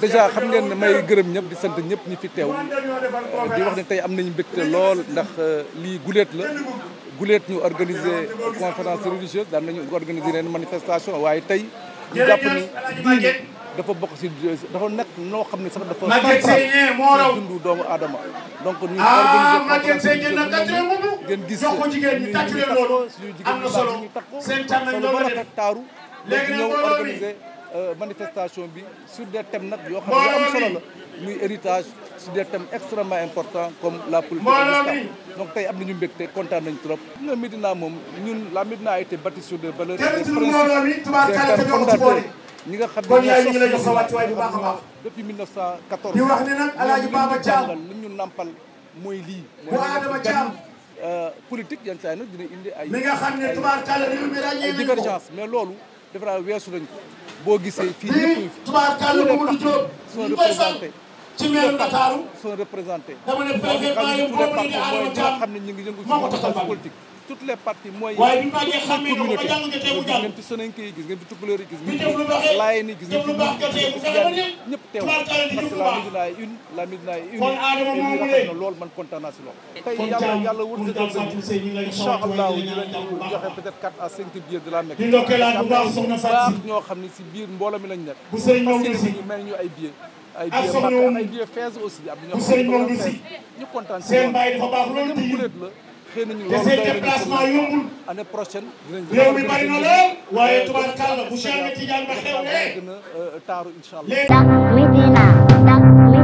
dèjà xam ngeen ne may gërëm ñëpp di sant ñëpp ñi fi teew di wax ne tey am nañu mbégte lool ndax euh, lii guleet la guleet ñu organiser conférence religieuse daan nañu organiser yeneen manifestation waaye tey ñu jàpp ni dafa bokk si dafa nekk noo xam ne sax dafa central doomu aadama donc ñu ah, organiser ngeen gis ñu takko suñu jigéen ñu takko solo ba rafet taaru léegi ñëw organiser Euh, manifestation bi sur des thèmes nak yo xam nga am solo la muy héritage sur des thèmes extrêmement importants comme la politique donc tay am nañu mbégte kontaan nañ trop. nga Médina mom ñun la Médina a été bâtie sur des valeurs des principes des thèmes fondateurs ñi nga xam ne baax baax depuis 1914. di wax ni nak El Baba Thiam lu ñu nampal mooy lii. mooy euh, politique yan saa yi nag dina indi ay. mi nga xam ne tubaarkàlla réew mi ràññee nañ mais lolu defe wessu weesu ko. boo gisee fii ñëpp ñu fi. tubaab kàlla Mamadou Diop ñu koy sant ci meeru Ndakaaru sont représentés dama ne préfet maayu boobu la di Adama Thiam moo ko taxawal toutes les parties mooy waaye bi ma jee xamee na ko ba jàng jotee mu jàng ngeen fi Soninke yi gis ngeen fi tukulóor yi gis ngeen fi laayeen yi gis ngeen fi ñëpp teew parce que la Médina est une la Médina est une na loolu man kontaan naa si loolu tey yàlla yàlla wërsëgal nañu incha allah ñu leen di joxe peut être 4 à 5 billets de la Mecque baax ñoo xam ne si biir mbooloo mi lañ nekk parce que ñu may ñu ay billets ak soxna woon bu sëriñ Maodo si seen bàyyi dafa baax loolu ci yéen te seen déplacement yombul réew mi bari na lool waaye tubaarkàlla bu Cheikh Ahmed Tidiane ba xewlee.